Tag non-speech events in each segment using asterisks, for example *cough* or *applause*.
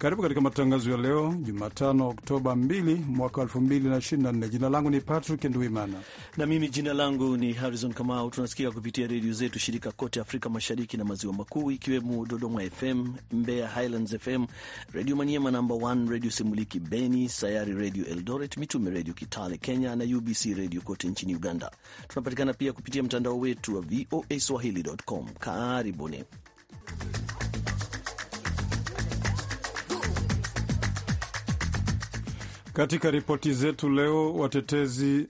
Karibu katika matangazo ya leo Jumatano, Oktoba 2 mwaka 2024. Jina langu ni Patrick nduimana na mimi jina langu ni Harrison Kamau. Tunasikika kupitia redio zetu shirika kote Afrika Mashariki na Maziwa Makuu, ikiwemo Dodoma FM, Mbeya Highlands FM, Redio Maniema namba 1, Redio Semuliki Beni, Sayari Redio Eldoret, Mitume Redio Kitale Kenya na UBC Redio kote nchini Uganda. Tunapatikana pia kupitia mtandao wetu wa VOA Swahili.com. Karibuni. Katika ripoti zetu leo watetezi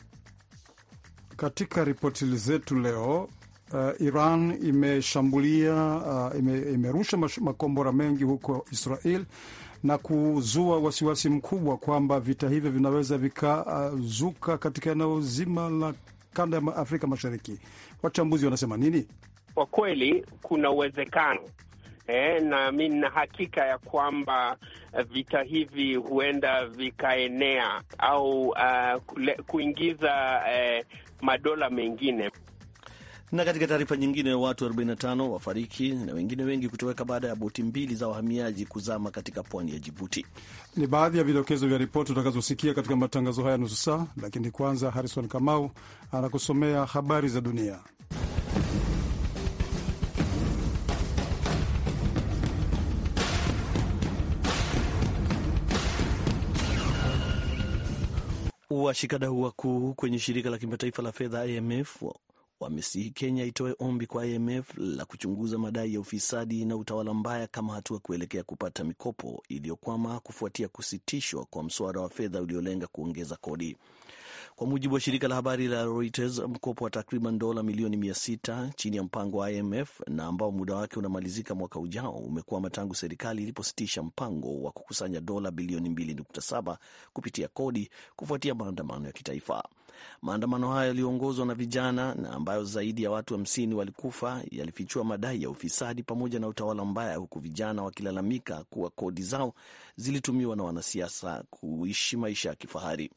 katika ripoti zetu leo uh, Iran imeshambulia uh, ime, imerusha makombora mengi huko Israel na kuzua wasiwasi mkubwa kwamba vita hivyo vinaweza vikazuka uh, katika eneo zima la kanda ya Afrika Mashariki. Wachambuzi wanasema nini? Kwa kweli kuna uwezekano eh, na mi nina hakika ya kwamba eh, vita hivi huenda vikaenea au uh, eh, kule, kuingiza eh, madola mengine. Na katika taarifa nyingine, watu 45 wafariki na wengine wengi kutoweka baada ya boti mbili za wahamiaji kuzama katika pwani ya Jibuti. Ni baadhi ya vidokezo vya ripoti utakazosikia katika matangazo haya nusu saa, lakini kwanza Harrison Kamau anakusomea habari za dunia. Washikadau wakuu kwenye shirika la kimataifa la fedha IMF wamesihi Kenya itoe ombi kwa IMF la kuchunguza madai ya ufisadi na utawala mbaya kama hatua kuelekea kupata mikopo iliyokwama kufuatia kusitishwa kwa mswada wa fedha uliolenga kuongeza kodi. Kwa mujibu wa shirika la habari la Reuters, mkopo wa takriban dola milioni mia sita chini ya mpango wa IMF na ambao muda wake unamalizika mwaka ujao umekwama tangu serikali ilipositisha mpango wa kukusanya dola bilioni 2.7 kupitia kodi kufuatia maandamano ya kitaifa. Maandamano hayo yaliyoongozwa na vijana na ambayo zaidi ya watu hamsini wa walikufa yalifichua madai ya ufisadi pamoja na utawala mbaya, huku vijana wakilalamika kuwa kodi zao zilitumiwa na wanasiasa kuishi maisha ya kifahari.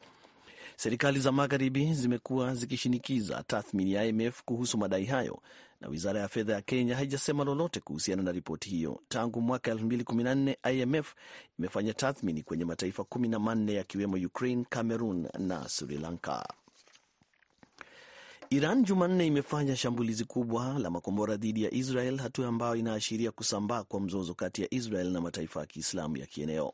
Serikali za magharibi zimekuwa zikishinikiza tathmini ya IMF kuhusu madai hayo, na wizara ya fedha ya Kenya haijasema lolote kuhusiana na ripoti hiyo. Tangu mwaka 2014 IMF imefanya tathmini kwenye mataifa kumi na manne yakiwemo Ukraine, Cameroon na Sri Lanka. Iran Jumanne imefanya shambulizi kubwa la makombora dhidi ya Israel, hatua ambayo inaashiria kusambaa kwa mzozo kati ya Israel na mataifa ya Kiislamu ya kieneo.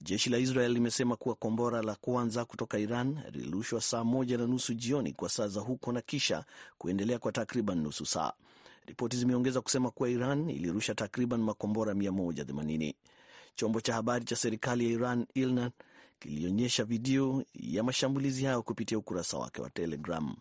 Jeshi la Israel limesema kuwa kombora la kwanza kutoka Iran lilirushwa saa moja na nusu jioni kwa saa za huko na kisha kuendelea kwa takriban nusu saa. Ripoti zimeongeza kusema kuwa Iran ilirusha takriban makombora 180. Chombo cha habari cha serikali ya Iran ILNA kilionyesha video ya mashambulizi hayo kupitia ukurasa wake wa Telegram.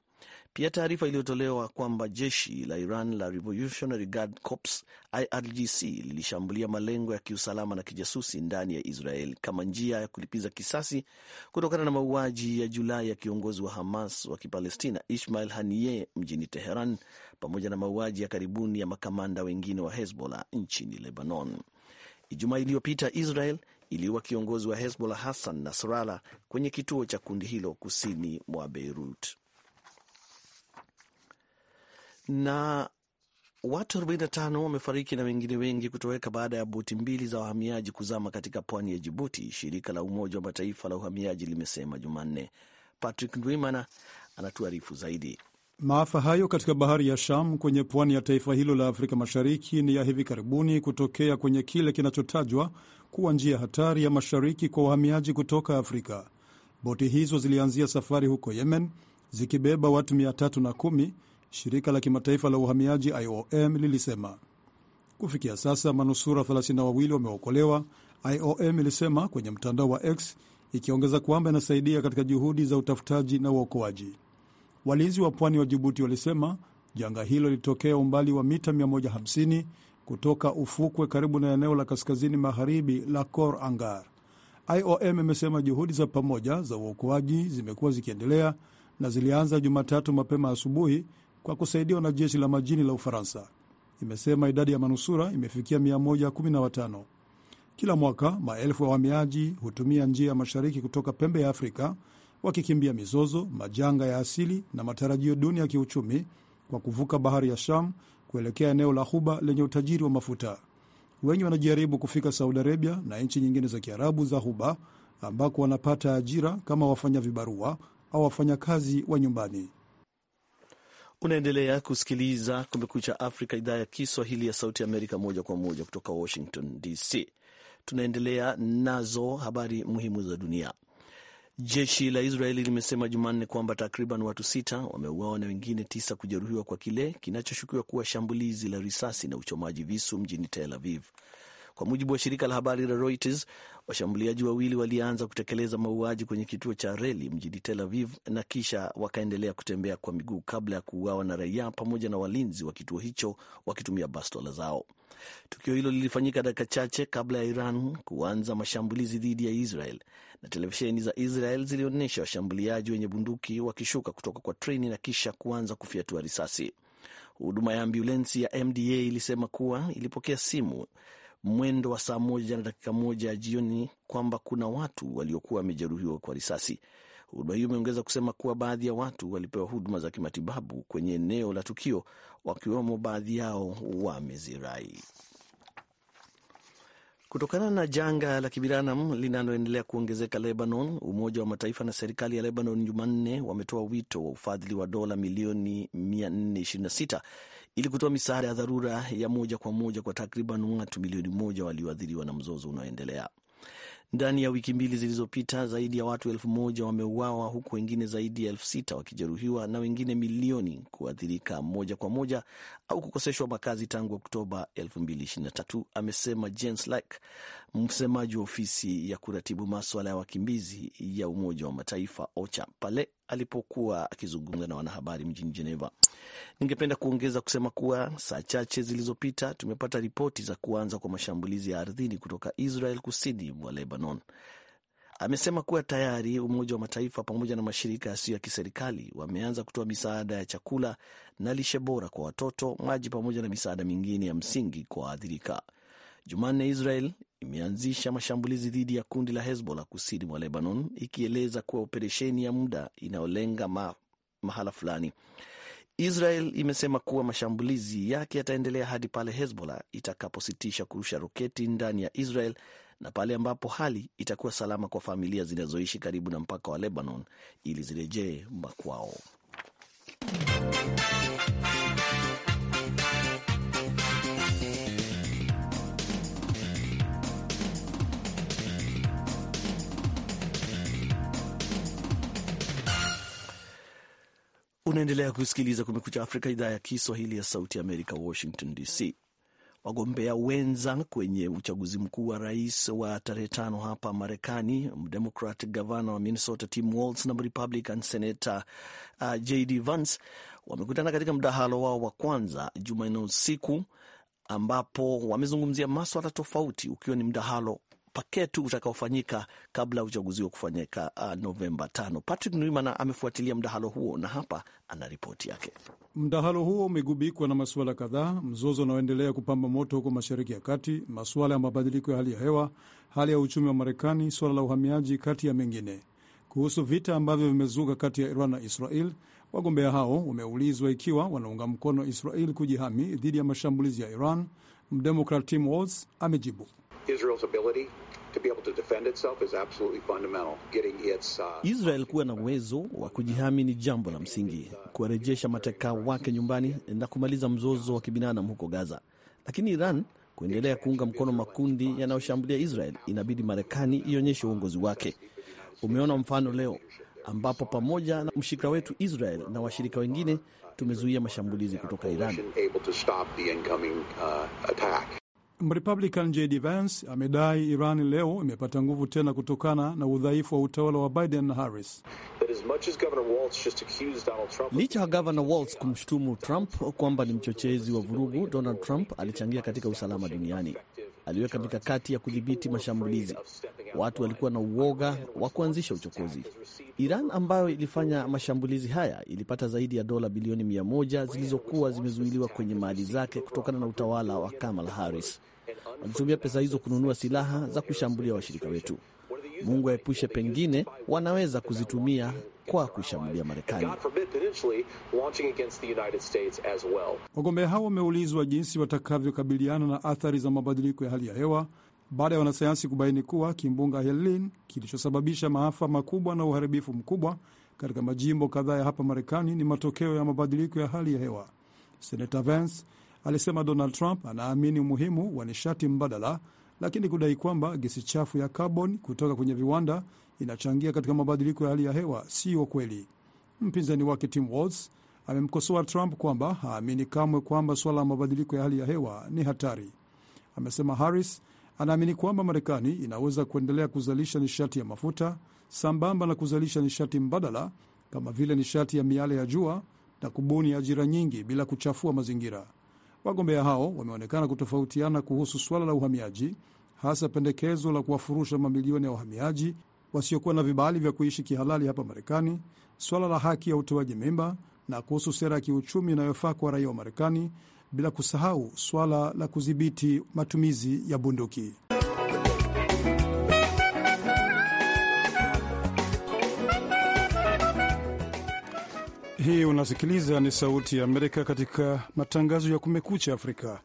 Pia taarifa iliyotolewa kwamba jeshi la Iran la Revolutionary Guard Corps IRGC lilishambulia malengo ya kiusalama na kijasusi ndani ya Israel kama njia ya kulipiza kisasi kutokana na mauaji ya Julai ya kiongozi wa Hamas wa Kipalestina Ismail Haniyeh mjini Teheran, pamoja na mauaji ya karibuni ya makamanda wengine wa Hezbollah nchini Lebanon. Ijumaa iliyopita Israel iliuwa kiongozi wa Hezbollah Hassan Nasrallah kwenye kituo cha kundi hilo kusini mwa Beirut na watu 45 wamefariki na wengine wengi kutoweka baada ya boti mbili za wahamiaji kuzama katika pwani ya Jibuti, shirika la Umoja wa Mataifa la uhamiaji limesema Jumanne. Patrick Ndwimana anatuarifu zaidi. Maafa hayo katika bahari ya Sham kwenye pwani ya taifa hilo la Afrika Mashariki ni ya hivi karibuni kutokea kwenye kile kinachotajwa kuwa njia hatari ya mashariki kwa wahamiaji kutoka Afrika. Boti hizo zilianzia safari huko Yemen zikibeba watu 310 shirika la kimataifa la uhamiaji IOM lilisema. Kufikia sasa manusura 32 wameokolewa, IOM ilisema kwenye mtandao wa X, ikiongeza kwamba inasaidia katika juhudi za utafutaji na uokoaji. Walinzi wa pwani wa Jibuti walisema janga hilo lilitokea umbali wa mita 150 kutoka ufukwe karibu na eneo la kaskazini magharibi la Cor Angar. IOM imesema juhudi za pamoja za uokoaji zimekuwa zikiendelea na zilianza Jumatatu mapema asubuhi kwa kusaidiwa na jeshi la majini la Ufaransa. Imesema idadi ya manusura imefikia 115. Kila mwaka maelfu ya wahamiaji hutumia njia ya mashariki kutoka pembe ya Afrika wakikimbia mizozo, majanga ya asili na matarajio duni ya kiuchumi kwa kuvuka bahari ya Sham kuelekea eneo la Ghuba lenye utajiri wa mafuta. Wengi wanajaribu kufika Saudi Arabia na nchi nyingine za Kiarabu za Ghuba ambako wanapata ajira kama wafanya vibarua au wafanyakazi wa nyumbani. Unaendelea kusikiliza Kumekucha Afrika, idhaa ya Kiswahili ya Sauti Amerika, moja kwa moja kutoka Washington DC. Tunaendelea nazo habari muhimu za dunia. Jeshi la Israeli limesema Jumanne kwamba takriban watu sita wameuawa na wengine tisa kujeruhiwa kwa kile kinachoshukiwa kuwa shambulizi la risasi na uchomaji visu mjini Tel Aviv. Kwa mujibu wa shirika la habari la Reuters, washambuliaji wawili walianza kutekeleza mauaji kwenye kituo cha reli mjini Tel Aviv na kisha wakaendelea kutembea kwa miguu kabla ya kuuawa na raia pamoja na walinzi wa kituo hicho wakitumia bastola zao. Tukio hilo lilifanyika dakika chache kabla ya Iran kuanza mashambulizi dhidi ya Israel na televisheni za Israel zilionyesha washambuliaji wenye bunduki wakishuka kutoka kwa treni na kisha kuanza kufyatua risasi. Huduma ya ambulensi ya MDA ilisema kuwa ilipokea simu mwendo wa saa moja na dakika moja ya jioni kwamba kuna watu waliokuwa wamejeruhiwa kwa risasi. Huduma hiyo imeongeza kusema kuwa baadhi ya watu walipewa huduma za kimatibabu kwenye eneo la tukio, wakiwemo baadhi yao wamezirai. Kutokana na janga la kibinadamu linaloendelea kuongezeka Lebanon, Umoja wa Mataifa na serikali ya Lebanon Jumanne wametoa wito wa ufadhili wa dola milioni 426 ili kutoa misaada ya dharura ya moja kwa moja kwa takriban watu milioni moja walioathiriwa na mzozo unaoendelea. Ndani ya wiki mbili zilizopita, zaidi ya watu elfu moja wameuawa huku wengine zaidi ya elfu sita wakijeruhiwa na wengine milioni kuathirika moja kwa moja au kukoseshwa makazi tangu Oktoba 2023, amesema Jens Laerke, msemaji wa ofisi ya kuratibu maswala ya wakimbizi ya Umoja wa Mataifa OCHA pale alipokuwa akizungumza na wanahabari mjini Geneva. Ningependa kuongeza kusema kuwa saa chache zilizopita tumepata ripoti za kuanza kwa mashambulizi ya ardhini kutoka Israel kusini mwa Lebanon. Amesema kuwa tayari Umoja wa Mataifa pamoja na mashirika yasiyo ya kiserikali wameanza kutoa misaada ya chakula na lishe bora kwa watoto, maji pamoja na misaada mingine ya msingi kwa waathirika. Jumanne, Israel imeanzisha mashambulizi dhidi ya kundi la Hezbollah kusini mwa Lebanon, ikieleza kuwa operesheni ya muda inayolenga ma mahala fulani. Israel imesema kuwa mashambulizi yake yataendelea hadi pale Hezbollah itakapositisha kurusha roketi ndani ya Israel na pale ambapo hali itakuwa salama kwa familia zinazoishi karibu na mpaka wa Lebanon ili zirejee makwao. Unaendelea kusikiliza Kumekucha Afrika, idhaa ya Kiswahili ya Sauti ya Amerika, Washington DC. Wagombea wenza kwenye uchaguzi mkuu wa rais wa tarehe tano hapa Marekani, Mdemokrat gavana wa Minnesota Tim Walz na Republican senata uh, JD Vance wamekutana katika mdahalo wao wa kwanza Jumanne usiku ambapo wamezungumzia maswala tofauti, ukiwa ni mdahalo paketu utakaofanyika kabla uchaguzi wa kufanyika uh, Novemba tano. Patrick Nwimana amefuatilia mdahalo huo na hapa ana ripoti yake. Mdahalo huo umegubikwa na masuala kadhaa: mzozo unaoendelea kupamba moto huko Mashariki ya Kati, masuala ya mabadiliko ya hali ya hewa, hali ya uchumi wa Marekani, suala la uhamiaji, kati ya mengine. Kuhusu vita ambavyo vimezuka kati ya Iran na Israel, wagombea hao wameulizwa ikiwa wanaunga mkono Israel kujihami dhidi ya mashambulizi ya Iran. Mdemokrat Tim Walz amejibu Israel's ability to be able to defend itself is absolutely fundamental. Getting its, uh, Israel kuwa na uwezo wa kujihami ni jambo la msingi, kuwarejesha mateka wake nyumbani na kumaliza mzozo wa kibinadamu huko Gaza. Lakini Iran kuendelea kuunga mkono makundi yanayoshambulia Israel, inabidi Marekani ionyeshe uongozi wake. Umeona mfano leo ambapo pamoja na mshirika wetu Israel na washirika wengine tumezuia mashambulizi kutoka Iran. Mrepublican JD Vance amedai Iran leo imepata nguvu tena kutokana na udhaifu wa utawala wa Biden na Harris. Licha ya gavana Walz kumshutumu Trump kwamba ni mchochezi wa vurugu, Donald Trump alichangia katika usalama duniani. Aliweka mikakati ya kudhibiti mashambulizi. Watu walikuwa na uoga wa kuanzisha uchokozi. Iran ambayo ilifanya mashambulizi haya ilipata zaidi ya dola bilioni mia moja zilizokuwa zimezuiliwa kwenye mali zake kutokana na utawala wa Kamala Harris. Walitumia pesa hizo kununua silaha za kushambulia washirika wetu. Mungu aepushe, pengine wanaweza kuzitumia kwa kuishambulia Marekani. Wagombea hao wameulizwa jinsi watakavyokabiliana na athari za mabadiliko ya hali ya hewa baada ya wanasayansi kubaini kuwa kimbunga Helene kilichosababisha maafa makubwa na uharibifu mkubwa katika majimbo kadhaa ya hapa Marekani ni matokeo ya mabadiliko ya hali ya hewa. Senata Vance alisema Donald Trump anaamini umuhimu wa nishati mbadala lakini kudai kwamba gesi chafu ya kaboni kutoka kwenye viwanda inachangia katika mabadiliko ya hali ya hewa siyo kweli. Mpinzani wake Tim Walz amemkosoa Trump kwamba haamini kamwe kwamba suala la mabadiliko ya hali ya hewa ni hatari. Amesema Harris anaamini kwamba Marekani inaweza kuendelea kuzalisha nishati ya mafuta sambamba na kuzalisha nishati mbadala kama vile nishati ya miale ya jua na kubuni ajira nyingi bila kuchafua mazingira. Wagombea hao wameonekana kutofautiana kuhusu suala la uhamiaji, hasa pendekezo la kuwafurusha mamilioni ya wahamiaji wasiokuwa na vibali vya kuishi kihalali hapa Marekani, suala la haki ya utoaji mimba na kuhusu sera ya kiuchumi inayofaa kwa raia wa Marekani, bila kusahau suala la kudhibiti matumizi ya bunduki. hii unasikiliza ni Sauti ya Amerika katika matangazo ya Kumekucha Afrika.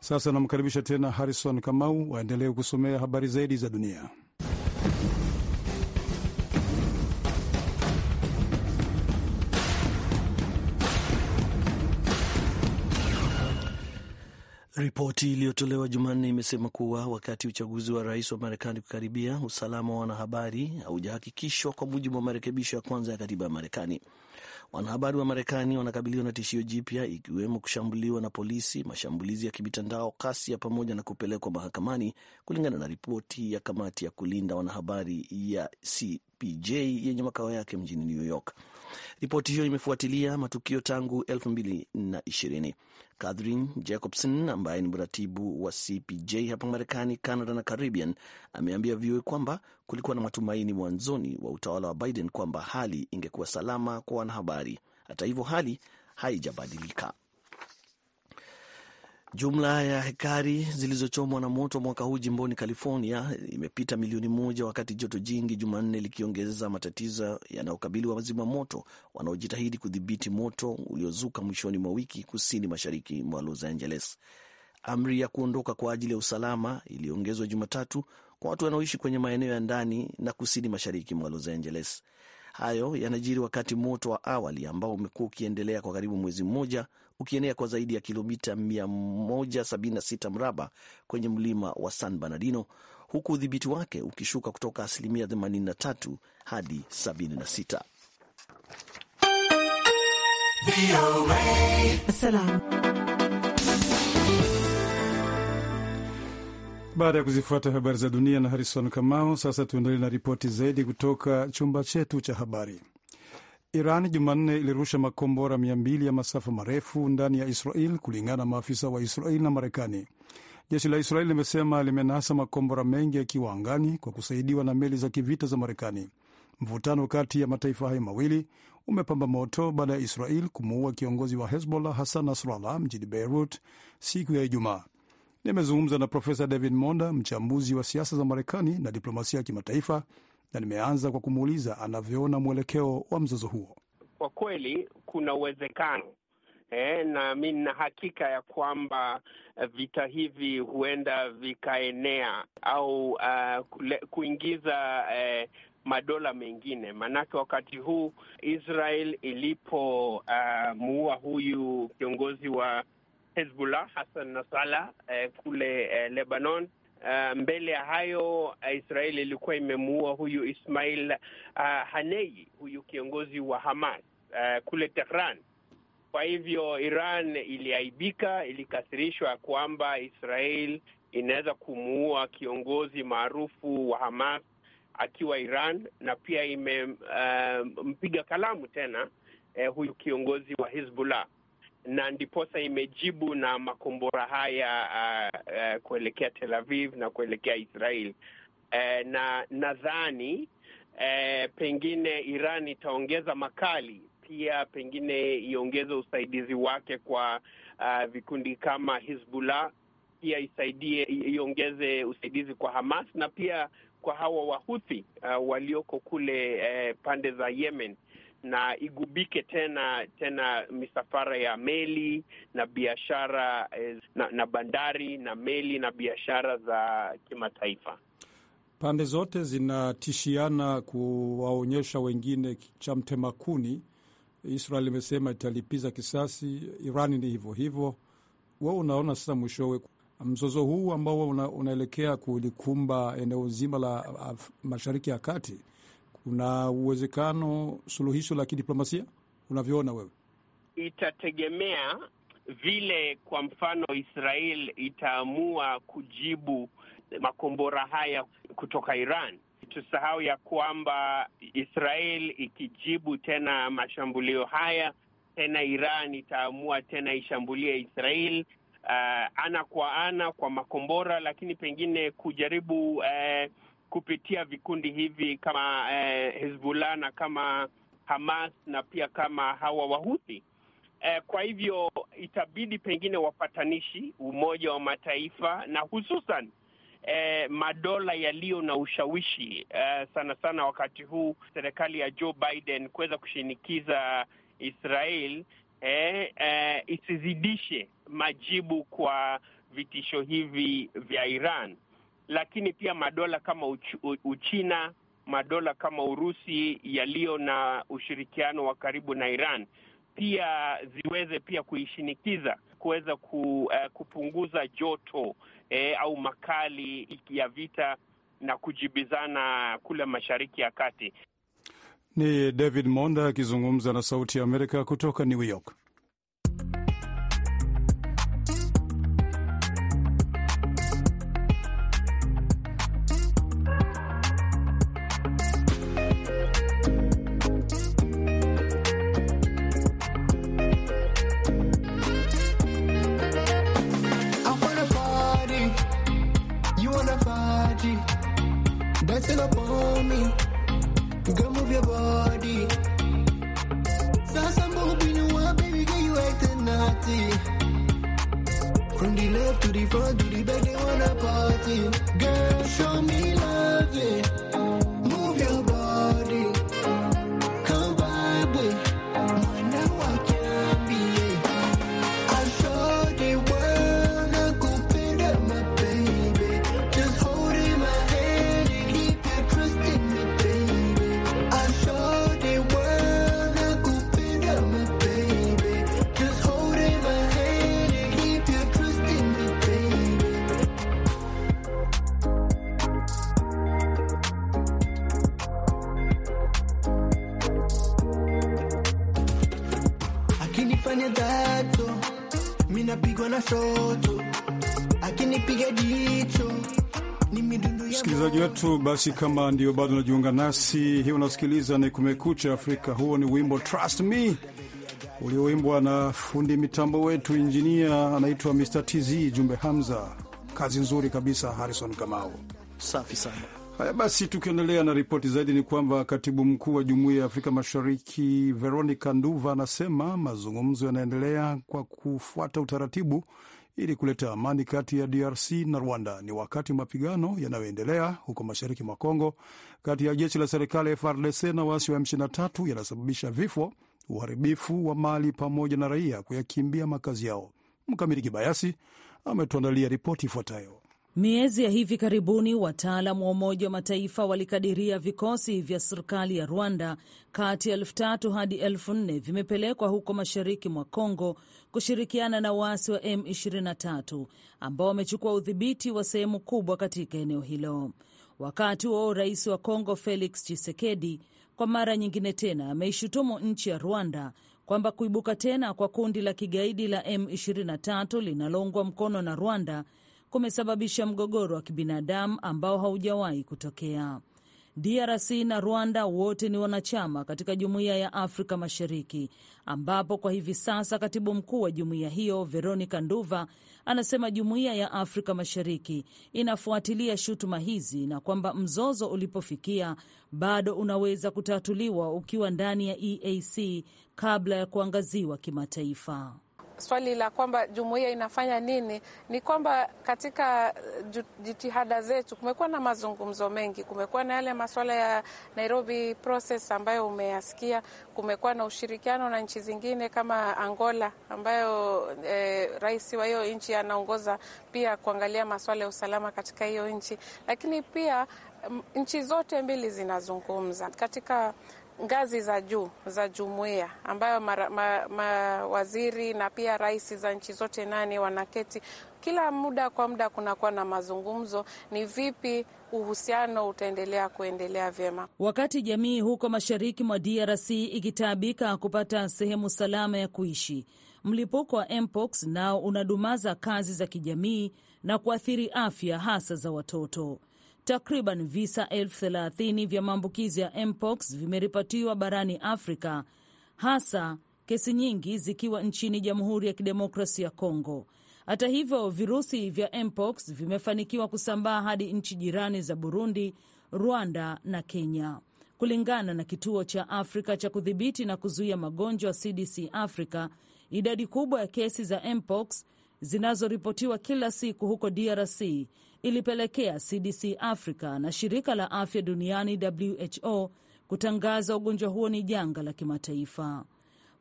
Sasa namkaribisha tena Harrison Kamau waendelee kusomea habari zaidi za dunia. Ripoti iliyotolewa Jumanne imesema kuwa wakati uchaguzi wa rais wa Marekani kukaribia, usalama wa wanahabari haujahakikishwa kwa mujibu wa marekebisho ya kwanza ya katiba ya Marekani. Wanahabari wa Marekani wanakabiliwa na tishio jipya, ikiwemo kushambuliwa na polisi, mashambulizi ya kimitandao, kasi ya pamoja na kupelekwa mahakamani, kulingana na ripoti ya kamati ya kulinda wanahabari ya CPJ yenye makao yake mjini New York. Ripoti hiyo imefuatilia matukio tangu 2020. Catherine Jacobson ambaye ni mratibu wa CPJ hapa Marekani, Canada na Caribbean ameambia VOA kwamba kulikuwa na matumaini mwanzoni wa utawala wa Biden kwamba hali ingekuwa salama kwa wanahabari. Hata hivyo hali haijabadilika. Jumla ya hekari zilizochomwa na moto mwaka huu jimboni California imepita milioni moja, wakati joto jingi Jumanne likiongeza matatizo yanayokabili wazima moto wanaojitahidi kudhibiti moto uliozuka mwishoni mwa wiki kusini mashariki mwa Los Angeles. Amri ya kuondoka kwa ajili ya usalama iliongezwa Jumatatu kwa watu wanaoishi kwenye maeneo ya ndani na kusini mashariki mwa Los Angeles. Hayo yanajiri wakati moto wa awali ambao umekuwa ukiendelea kwa karibu mwezi mmoja ukienea kwa zaidi ya kilomita 176 mraba kwenye mlima wa San Bernardino, huku udhibiti wake ukishuka kutoka asilimia 83 hadi 76. Baada ya kuzifuata habari za dunia na Harrison Kamau, sasa tuendelee na ripoti zaidi kutoka chumba chetu cha habari. Iran Jumanne ilirusha makombora mbili ya masafa marefu ndani ya Israel kulingana na maafisa wa Israel na Marekani. Jeshi la Israel limesema limenasa makombora mengi yakiwa angani kwa kusaidiwa na meli za kivita za Marekani. Mvutano kati ya mataifa hayo mawili umepamba moto baada ya Israel kumuua kiongozi wa Hezbollah Hassan Nasrallah mjini Beirut siku ya Ijumaa. Nimezungumza na Profesa David Monda, mchambuzi wa siasa za Marekani na diplomasia ya kimataifa na nimeanza kwa kumuuliza anavyoona mwelekeo wa mzozo huo. Kwa kweli kuna uwezekano eh, na mi nina hakika ya kwamba eh, vita hivi huenda vikaenea au uh, kule, kuingiza eh, madola mengine maanake, wakati huu Israel ilipomuua eh, uh, huyu kiongozi wa Hezbollah Hassan Nasrallah eh, kule eh, Lebanon Uh, mbele ya hayo eh, Israeli ilikuwa imemuua huyu Ismail uh, Hanei, huyu kiongozi wa Hamas uh, kule Tehran. Kwa hivyo Iran iliaibika, ilikasirishwa kwamba Israel inaweza kumuua kiongozi maarufu wa Hamas akiwa Iran, na pia imempiga uh, kalamu tena uh, huyu kiongozi wa Hizbullah na ndiposa imejibu na makombora haya uh, uh, kuelekea Tel Aviv na kuelekea Israel uh, na nadhani uh, pengine Iran itaongeza makali pia, pengine iongeze usaidizi wake kwa uh, vikundi kama Hizbullah, pia isaidie iongeze usaidizi kwa Hamas na pia kwa hawa Wahuthi uh, walioko kule uh, pande za Yemen na igubike tena tena misafara ya meli na biashara eh, na, na bandari na meli na biashara za kimataifa. Pande zote zinatishiana kuwaonyesha wengine cha mtemakuni. Israel imesema italipiza kisasi, irani ni hivyo hivyo. Wewe unaona sasa mwishowe mzozo huu ambao una, unaelekea kulikumba eneo zima la af, Mashariki ya Kati kuna uwezekano suluhisho la kidiplomasia unavyoona wewe? Itategemea vile, kwa mfano, Israel itaamua kujibu makombora haya kutoka Iran. Tusahau ya kwamba Israel ikijibu tena mashambulio haya tena, Iran itaamua tena ishambulie Israel uh, ana kwa ana kwa makombora, lakini pengine kujaribu uh, kupitia vikundi hivi kama eh, Hezbollah na kama Hamas na pia kama hawa Wahuthi. Eh, kwa hivyo itabidi pengine wapatanishi, Umoja wa Mataifa na hususan eh, madola yaliyo na ushawishi eh, sana sana wakati huu serikali ya Joe Biden kuweza kushinikiza Israel eh, eh, isizidishe majibu kwa vitisho hivi vya Iran lakini pia madola kama uch, u, Uchina, madola kama Urusi yaliyo na ushirikiano wa karibu na Iran pia ziweze pia kuishinikiza kuweza ku, uh, kupunguza joto eh, au makali ya vita na kujibizana kule Mashariki ya Kati. Ni David Monda akizungumza na Sauti ya Amerika kutoka New York. tatu. basi. Kama ndio bado unajiunga nasi, hii unasikiliza ni Kumekucha Afrika. Huo ni wimbo Trust Me ulioimbwa na fundi mitambo wetu injinia anaitwa Mr TZ Jumbe Hamza. Kazi nzuri kabisa, Harrison Kamau. Safi sana. Haya basi, tukiendelea na ripoti zaidi ni kwamba katibu mkuu wa jumuiya ya Afrika Mashariki Veronica Nduva anasema mazungumzo yanaendelea kwa kufuata utaratibu ili kuleta amani kati ya DRC na Rwanda. Ni wakati mapigano yanayoendelea huko mashariki mwa Kongo kati ya jeshi la serikali FRDC na waasi wa M23 yanasababisha vifo, uharibifu wa mali pamoja na raia kuyakimbia makazi yao. Mkamiri Kibayasi ametuandalia ripoti ifuatayo. Miezi ya hivi karibuni wataalam wa Umoja wa Mataifa walikadiria vikosi vya serikali ya Rwanda kati ya elfu tatu hadi elfu nne vimepelekwa huko mashariki mwa congo kushirikiana na waasi wa M23 ambao wamechukua udhibiti wa sehemu kubwa katika eneo hilo. Wakati huo rais wa congo Felix Tshisekedi kwa mara nyingine tena ameishutumu nchi ya Rwanda kwamba kuibuka tena kwa kundi la kigaidi la M23 linaloungwa mkono na Rwanda kumesababisha mgogoro wa kibinadamu ambao haujawahi kutokea. DRC na Rwanda wote ni wanachama katika Jumuiya ya Afrika Mashariki, ambapo kwa hivi sasa katibu mkuu wa jumuiya hiyo Veronica Nduva anasema Jumuiya ya Afrika Mashariki inafuatilia shutuma hizi na kwamba mzozo ulipofikia bado unaweza kutatuliwa ukiwa ndani ya EAC kabla ya kuangaziwa kimataifa swali la kwamba jumuiya inafanya nini, ni kwamba katika eh, jitihada zetu kumekuwa na mazungumzo mengi, kumekuwa na yale masuala ya Nairobi process ambayo umeyasikia, kumekuwa na ushirikiano na nchi zingine kama Angola ambayo eh, rais wa hiyo nchi anaongoza pia kuangalia masuala ya usalama katika hiyo nchi, lakini pia mm, nchi zote mbili zinazungumza katika ngazi za juu za jumuiya ambayo mawaziri ma, ma na pia rais za nchi zote nane wanaketi kila muda kwa muda, kunakuwa na mazungumzo, ni vipi uhusiano utaendelea kuendelea vyema. Wakati jamii huko mashariki mwa DRC ikitaabika kupata sehemu salama ya kuishi, mlipuko wa mpox nao unadumaza kazi za kijamii na kuathiri afya hasa za watoto. Takriban visa elfu thelathini vya maambukizi ya mpox vimeripotiwa barani Afrika, hasa kesi nyingi zikiwa nchini Jamhuri ya Kidemokrasi ya Kongo. Hata hivyo, virusi vya mpox vimefanikiwa kusambaa hadi nchi jirani za Burundi, Rwanda na Kenya. Kulingana na kituo cha Afrika cha kudhibiti na kuzuia magonjwa CDC Africa, idadi kubwa ya kesi za mpox zinazoripotiwa kila siku huko DRC ilipelekea CDC Africa na shirika la afya duniani WHO kutangaza ugonjwa huo ni janga la kimataifa.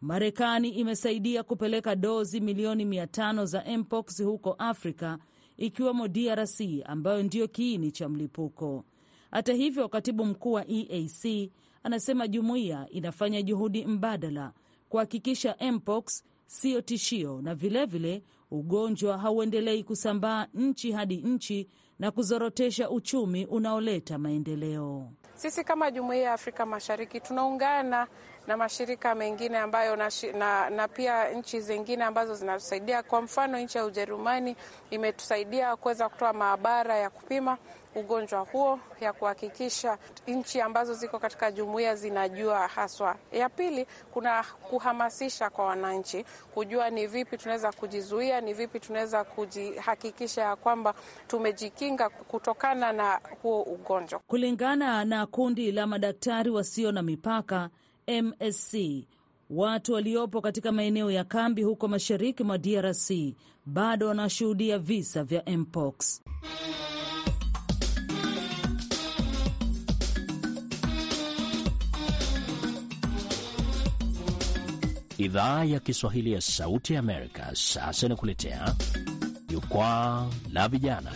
Marekani imesaidia kupeleka dozi milioni mia tano za mpox huko Afrika, ikiwemo DRC ambayo ndiyo kiini cha mlipuko. Hata hivyo, katibu mkuu wa EAC anasema jumuiya inafanya juhudi mbadala kuhakikisha mpox siyo tishio na vilevile ugonjwa hauendelei kusambaa nchi hadi nchi na kuzorotesha uchumi unaoleta maendeleo. Sisi kama jumuiya ya Afrika Mashariki tunaungana na mashirika mengine ambayo na, na, na pia nchi zingine ambazo zinatusaidia. Kwa mfano nchi ya Ujerumani imetusaidia kuweza kutoa maabara ya kupima ugonjwa huo ya kuhakikisha nchi ambazo ziko katika jumuiya zinajua haswa. Ya pili, kuna kuhamasisha kwa wananchi kujua ni vipi tunaweza kujizuia, ni vipi tunaweza kujihakikisha ya kwamba tumejikinga kutokana na huo ugonjwa. Kulingana na kundi la madaktari wasio na mipaka MSC watu waliopo katika maeneo ya kambi huko mashariki mwa DRC bado wanashuhudia visa vya mpox. Idhaa ya Kiswahili ya Sauti ya Amerika sasa inakuletea jukwaa la vijana.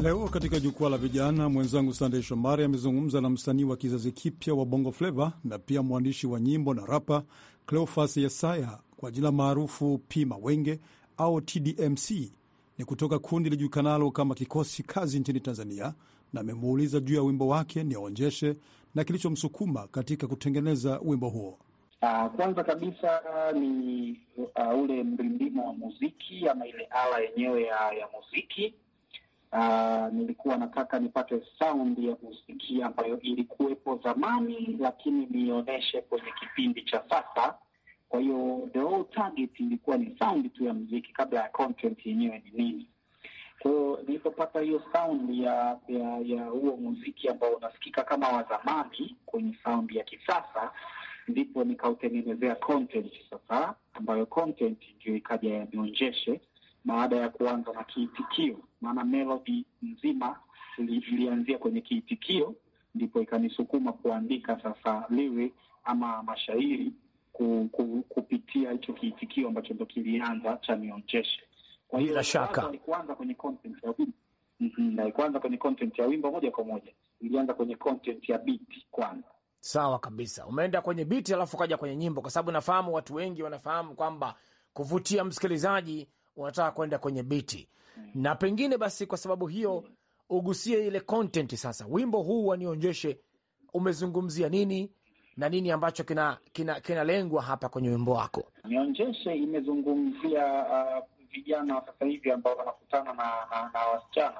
Leo katika jukwaa la vijana, mwenzangu Sandey Shomari amezungumza na msanii wa kizazi kipya wa Bongo Fleva na pia mwandishi wa nyimbo na rapa Cleofas Yesaya kwa jina maarufu P Mawenge au TDMC. Ni kutoka kundi lijulikanalo kama Kikosi Kazi nchini Tanzania, na amemuuliza juu ya wimbo wake Nionjeshe na kilichomsukuma katika kutengeneza wimbo huo. Uh, kwanza kabisa ah, ni uh, ule mrindimo wa muziki ama ile ala yenyewe ya, ya muziki Uh, nilikuwa nataka nipate sound ya muziki ambayo ilikuwepo zamani, lakini nionyeshe kwenye kipindi cha sasa. Kwa hiyo the whole target ilikuwa ni sound tu ya muziki kabla ya content yenyewe ni nini. Kwa hiyo nilipopata hiyo sound ya ya ya huo muziki ambao unasikika kama wa zamani kwenye sound ya kisasa, ndipo nikautengenezea content sasa, ambayo content ndio ikaja yanionyeshe baada ya kuanza na kiitikio, maana melodi nzima ilianzia kwenye kiitikio, ndipo ikanisukuma kuandika sasa lyric ama mashairi ku, ku, kupitia hicho kiitikio ambacho ndo kilianza cha nionjeshe. Kwa hiyo bila shaka alikuanza kwenye content ya wimbo mm-hmm. kwenye content ya wimbo moja kwa moja, ilianza kwenye content ya beat kwanza. Sawa kabisa, umeenda kwenye biti alafu ukaja kwenye nyimbo, kwa sababu nafahamu watu wengi wanafahamu kwamba kuvutia msikilizaji wanataka kwenda kwenye biti mm. na pengine basi kwa sababu hiyo mm. ugusie ile content sasa, wimbo huu wanionjeshe umezungumzia nini na nini ambacho kinalengwa kina, kina hapa kwenye wimbo wako nionjeshe. Imezungumzia uh, vijana wa sasa hivi ambao wanakutana na, na, na wasichana.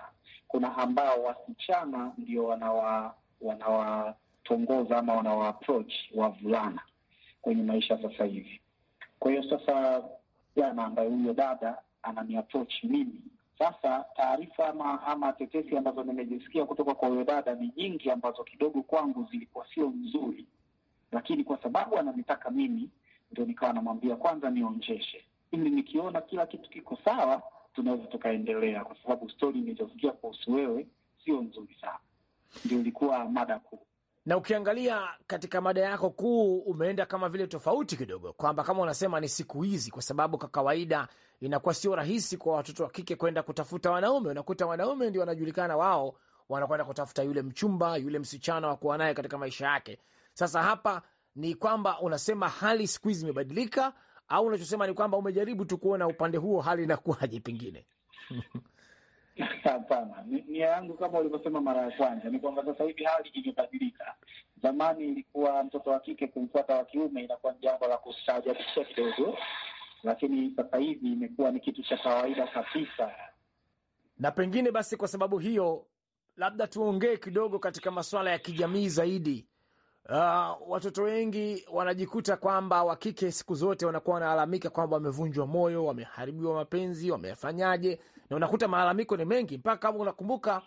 Kuna ambao wasichana ndio wanawa wanawatongoza ama wanawaapproach wavulana kwenye maisha sasa hivi. Kwa hiyo sasa kijana ambaye huyo dada ananiaproach mimi. Sasa taarifa ama, ama tetesi ambazo nimejisikia kutoka kwa huyo dada ni nyingi, ambazo kidogo kwangu zilikuwa sio nzuri, lakini kwa sababu ananitaka mimi, ndio nikawa namwambia kwanza nionjeshe, ili nikiona kila kitu kiko sawa, tunaweza tukaendelea, kwa sababu stori nilizofikia kuhusu wewe sio nzuri sana. Ndio ilikuwa mada kuu na ukiangalia katika mada yako kuu umeenda kama vile tofauti kidogo, kwamba kama unasema ni siku hizi, kwa sababu kwa kawaida inakuwa sio rahisi kwa watoto wa kike kwenda kutafuta wanaume. Unakuta wanaume ndio wanajulikana, wao wanakwenda kutafuta yule mchumba, yule msichana wa kuwa naye katika maisha yake. Sasa hapa ni kwamba unasema hali siku hizi imebadilika, au unachosema ni kwamba umejaribu tu kuona upande huo hali inakuwaje pengine? *laughs* Hapana, nia yangu kama ulivyosema mara ya kwanza ni kwamba sasa hivi hali imebadilika. Zamani ilikuwa mtoto wa kike kumfuata wa kiume inakuwa ni jambo la kustaajabisha kidogo, lakini sasa hivi imekuwa ni kitu cha kawaida kabisa. Na pengine basi, kwa sababu hiyo, labda tuongee kidogo katika masuala ya kijamii zaidi. Uh, watoto wengi wanajikuta kwamba wa kike siku zote wanakuwa wanalalamika kwamba wamevunjwa moyo, wameharibiwa mapenzi, wamefanyaje, na unakuta malalamiko ni mengi, mpaka kama unakumbuka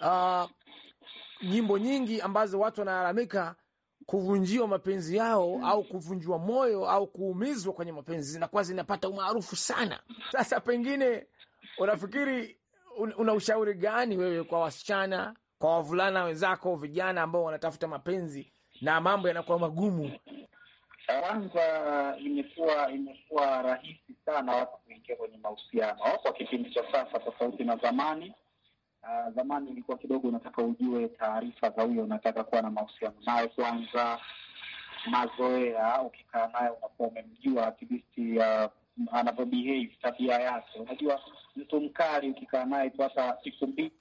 uh, nyimbo nyingi ambazo watu wanalalamika kuvunjiwa mapenzi yao au kuvunjiwa moyo au kuumizwa kwenye mapenzi zinakuwa zinapata umaarufu sana. Sasa pengine unafikiri un, una ushauri gani wewe kwa wasichana, kwa wavulana wenzako, vijana ambao wanatafuta mapenzi na mambo yanakuwa magumu kwanza imekuwa imekuwa rahisi sana watu kuingia kwenye mahusiano kwa kipindi cha sasa, tofauti na zamani. Uh, zamani ilikuwa kidogo, unataka ujue taarifa za huyo unataka kuwa na mahusiano naye kwanza. Mazoea, ukikaa naye unakuwa umemjua at least uh, anavyo tabia yake. Unajua mtu mkali, ukikaa naye tu hata siku mbili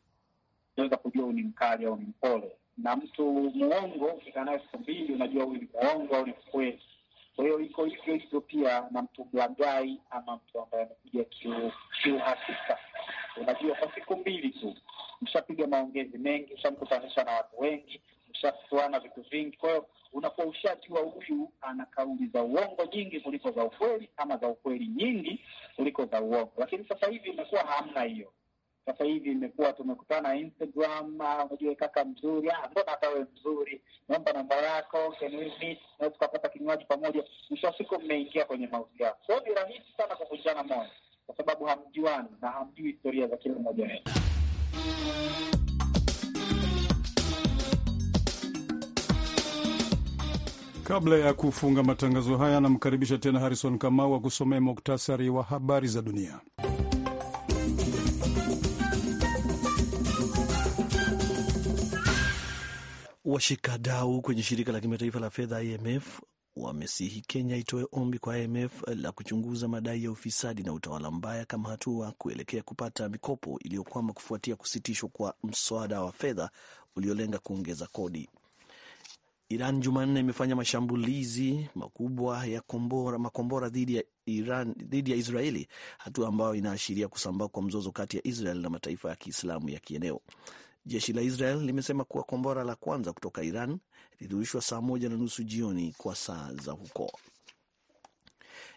unaweza kujua huyu ni mkali au ni mpole, na mtu muongo, ukikaa naye siku mbili unajua huyu ni muongo au ni mkweli. Kwa hiyo iko hivyo pia na mtu mlagai ama mtu ambaye amekuja kiuhakika. Unajua, kwa siku mbili tu mshapiga maongezi mengi, mshamkutanisha na watu wengi, mshafuana vitu vingi, kwa hiyo unakuwa ushajua huyu ana kauli za uongo nyingi kuliko za ukweli ama za ukweli nyingi kuliko za uongo. Lakini sasa hivi imekuwa hamna hiyo sasa hivi imekuwa tumekutana Instagram, ah, unajua kaka mzuri, ah, mbona hata wewe mzuri, naomba namba yako, na tukapata kinywaji pamoja, mwisho wa siku mmeingia kwenye mahusiano. Kwao ni rahisi sana kuvunjana moyo, kwa sababu hamjuani na hamjui historia za kila mmoja wetu. Kabla ya kufunga matangazo haya, namkaribisha tena Harrison Kamau akusomea muktasari wa habari za dunia. Washikadau kwenye shirika la kimataifa la fedha IMF wamesihi Kenya itoe ombi kwa IMF la kuchunguza madai ya ufisadi na utawala mbaya kama hatua kuelekea kupata mikopo iliyokwama kufuatia kusitishwa kwa mswada wa fedha uliolenga kuongeza kodi. Iran Jumanne imefanya mashambulizi makubwa ya kombora, makombora dhidi ya Iran, dhidi ya Israeli, hatua ambayo inaashiria kusambaa kwa mzozo kati ya Israel na mataifa ya Kiislamu ya kieneo. Jeshi la Israel limesema kuwa kombora la kwanza kutoka Iran lilirushwa saa moja na nusu jioni kwa saa za huko.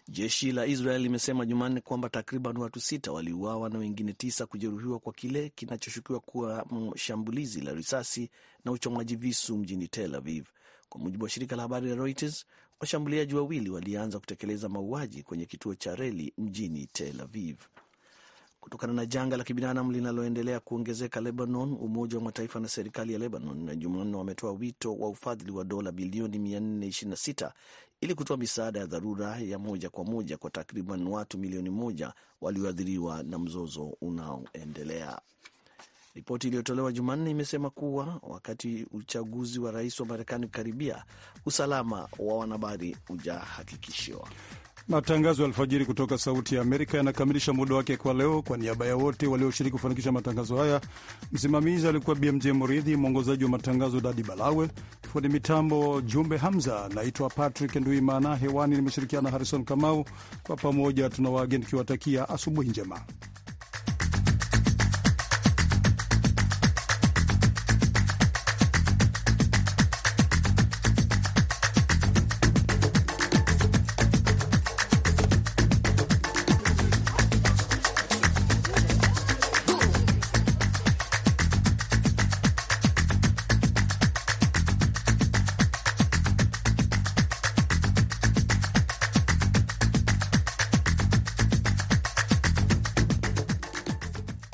Jeshi la Israel limesema Jumanne kwamba takriban watu sita waliuawa na wengine tisa kujeruhiwa kwa kile kinachoshukiwa kuwa shambulizi la risasi na uchomwaji visu mjini Tel Aviv. Kwa mujibu wa shirika la habari la Reuters, washambuliaji wawili walianza kutekeleza mauaji kwenye kituo cha reli mjini Tel Aviv. Kutokana na janga la kibinadamu linaloendelea kuongezeka Lebanon, Umoja wa Mataifa na serikali ya Lebanon na Jumanne wametoa wito wa ufadhili wa dola bilioni 426 ili kutoa misaada ya dharura ya moja kwa moja kwa takriban watu milioni moja walioathiriwa na mzozo unaoendelea. Ripoti iliyotolewa Jumanne imesema kuwa wakati uchaguzi wa rais wa Marekani kukaribia, usalama wa wanahabari hujahakikishiwa. Matangazo ya alfajiri kutoka Sauti ya Amerika yanakamilisha muda wake kwa leo. Kwa niaba ya wote walioshiriki kufanikisha matangazo haya, msimamizi alikuwa BMJ mridhi mwongozaji wa matangazo Dadi Balawe, fundi mitambo Jumbe Hamza. Naitwa Patrick Nduimana, hewani nimeshirikiana Harrison Kamau. Kwa pamoja tuna wageni tukiwatakia asubuhi njema.